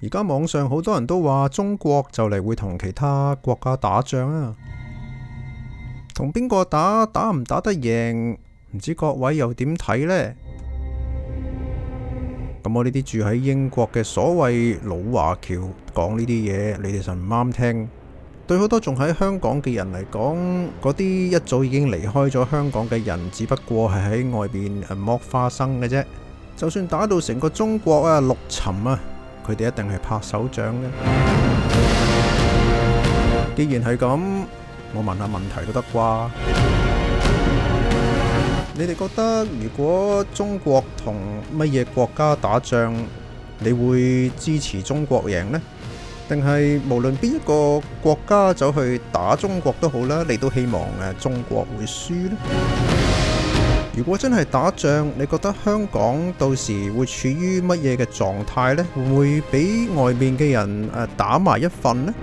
而家網上好多人都話，中國就嚟會同其他國家打仗啊，同邊個打，打唔打得贏，唔知各位又點睇呢？咁我呢啲住喺英國嘅所謂老華僑講呢啲嘢，你哋就唔啱聽。對好多仲喺香港嘅人嚟講，嗰啲一早已經離開咗香港嘅人，只不過係喺外邊誒剝花生嘅啫。就算打到成個中國啊，六沉啊！佢哋一定係拍手掌嘅。既然係咁，我問下問題都得啩？你哋覺得如果中國同乜嘢國家打仗，你會支持中國贏呢？定係無論邊一個國家走去打中國都好啦，你都希望誒中國會輸呢？如果真係打仗，你覺得香港到時會處於乜嘢嘅狀態呢？會唔會俾外面嘅人、呃、打埋一份呢？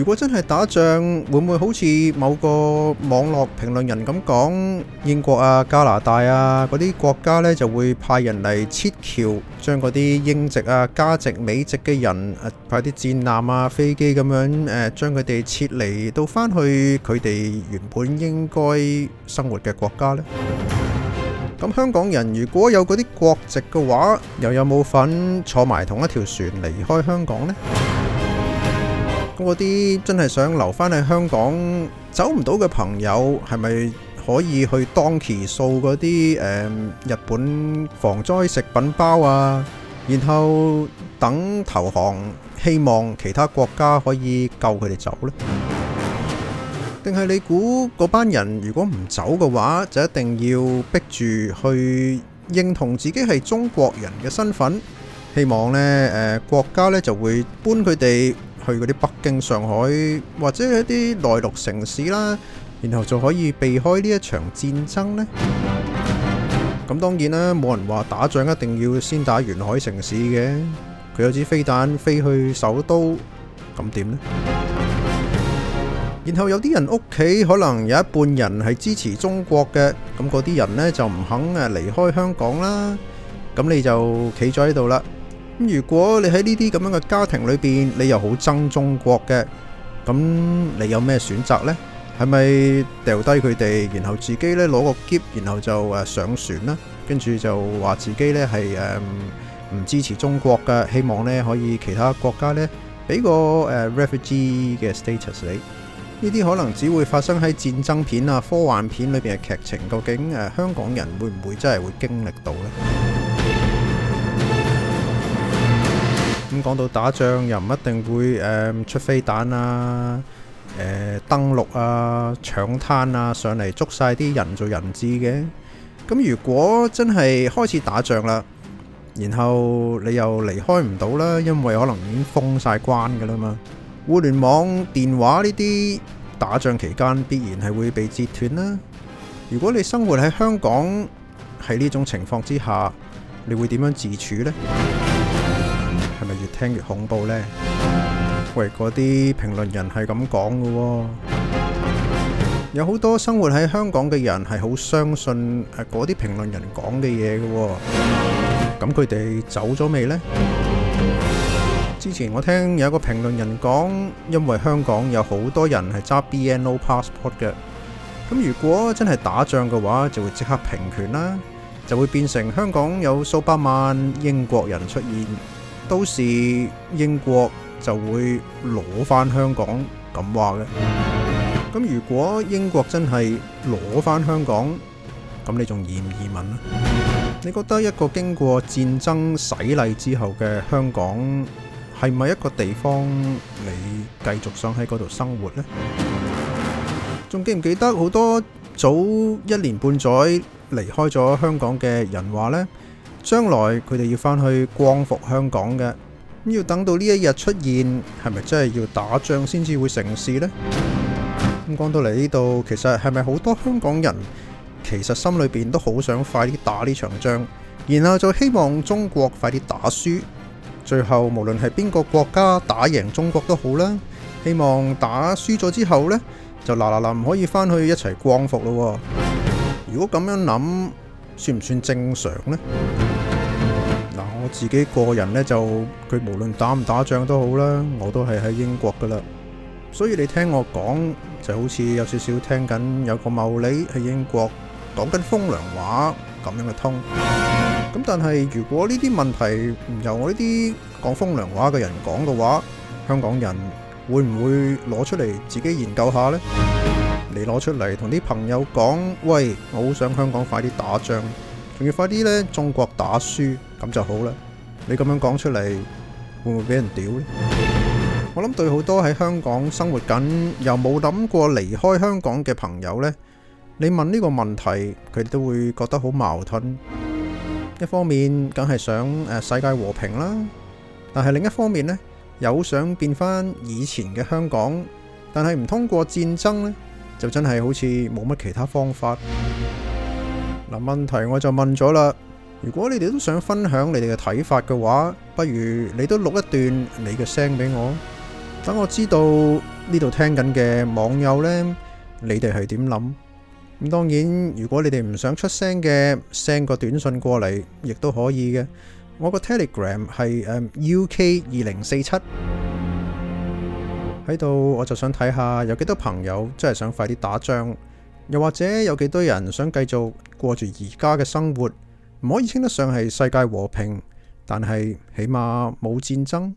如果真係打仗，會唔會好似某個網絡評論人咁講？英國啊、加拿大啊嗰啲國家呢，就會派人嚟撤僑，將嗰啲英籍啊、加籍、美籍嘅人誒、啊，派啲戰艦啊、飛機咁樣誒、啊，將佢哋撤離到翻去佢哋原本應該生活嘅國家呢？咁香港人如果有嗰啲國籍嘅話，又有冇份坐埋同一條船離開香港呢？嗰啲真係想留返喺香港走唔到嘅朋友，係咪可以去當期掃嗰啲誒日本防災食品包啊？然後等投降，希望其他國家可以救佢哋走呢？定係你估嗰班人如果唔走嘅話，就一定要逼住去認同自己係中國人嘅身份，希望呢誒國家呢就會搬佢哋。去嗰啲北京、上海或者一啲內陸城市啦，然後就可以避開呢一場戰爭咧。咁當然啦，冇人話打仗一定要先打沿海城市嘅。佢有支飛彈飛去首都，咁點咧？然後有啲人屋企可能有一半人係支持中國嘅，咁嗰啲人咧就唔肯誒離開香港啦。咁你就企咗喺度啦。咁如果你喺呢啲咁樣嘅家庭裏邊，你又好憎中國嘅，咁你有咩選擇呢？係咪掉低佢哋，然後自己咧攞個喼，然後就誒上船啦？跟住就話自己咧係誒唔支持中國嘅，希望呢可以其他國家咧俾個誒、呃、refugee 嘅 status 你。呢啲可能只會發生喺戰爭片啊、科幻片裏邊嘅劇情。究竟誒、呃、香港人會唔會真係會經歷到呢？講到打仗，又唔一定會誒、呃、出飛彈啊，誒、呃、登陸啊，搶灘啊，上嚟，捉晒啲人做人質嘅。咁如果真係開始打仗啦，然後你又離開唔到啦，因為可能已經封晒關噶啦嘛。互聯網、電話呢啲打仗期間必然係會被截斷啦。如果你生活喺香港，喺呢種情況之下，你會點樣自處呢？係咪越聽越恐怖咧？喂，嗰啲評論人係咁講噶，有好多生活喺香港嘅人係好相信誒嗰啲評論人講嘅嘢噶。咁佢哋走咗未咧？之前我聽有一個評論人講，因為香港有好多人係揸 BNO passport 嘅，咁如果真係打仗嘅話，就會即刻平權啦，就會變成香港有數百萬英國人出現。到時英國就會攞返香港咁話嘅。咁如果英國真係攞返香港，咁你仲移唔移民呢？你覺得一個經過戰爭洗禮之後嘅香港，係咪一個地方你繼續想喺嗰度生活呢？仲記唔記得好多早一年半載離開咗香港嘅人話呢？將來佢哋要返去光復香港嘅，咁要等到呢一日出現，係咪真係要打仗先至會成事呢？咁講到嚟呢度，其實係咪好多香港人其實心裏邊都好想快啲打呢場仗，然後就希望中國快啲打輸，最後無論係邊個國家打贏中國都好啦。希望打輸咗之後呢，就嗱嗱臨可以返去一齊光復咯。如果咁樣諗，算唔算正常呢？自己個人呢就佢無論打唔打仗都好啦，我都係喺英國㗎喇。所以你聽我講就好似有少少聽緊有個茂利喺英國講緊風涼話咁樣嘅通咁。但係如果呢啲問題唔由我呢啲講風涼話嘅人講嘅話，香港人會唔會攞出嚟自己研究下呢？你攞出嚟同啲朋友講，喂，我好想香港快啲打仗，仲要快啲呢，中國打輸。咁就好啦。你咁樣講出嚟，會唔會俾人屌呢？我諗對好多喺香港生活緊又冇諗過離開香港嘅朋友呢，你問呢個問題，佢都會覺得好矛盾。一方面，梗係想誒世界和平啦，但係另一方面呢，又想變翻以前嘅香港。但係唔通過戰爭呢，就真係好似冇乜其他方法。嗱，問題我就問咗啦。如果你哋都想分享你哋嘅睇法嘅話，不如你都錄一段你嘅聲俾我，等我知道呢度聽緊嘅網友呢，你哋係點諗？咁當然，如果你哋唔想出聲嘅，send 個短信過嚟亦都可以嘅。我個 Telegram 係誒 UK 二零四七喺度，我就想睇下有幾多朋友真係想快啲打仗，又或者有幾多人想繼續過住而家嘅生活。唔可以稱得上係世界和平，但係起碼冇戰爭。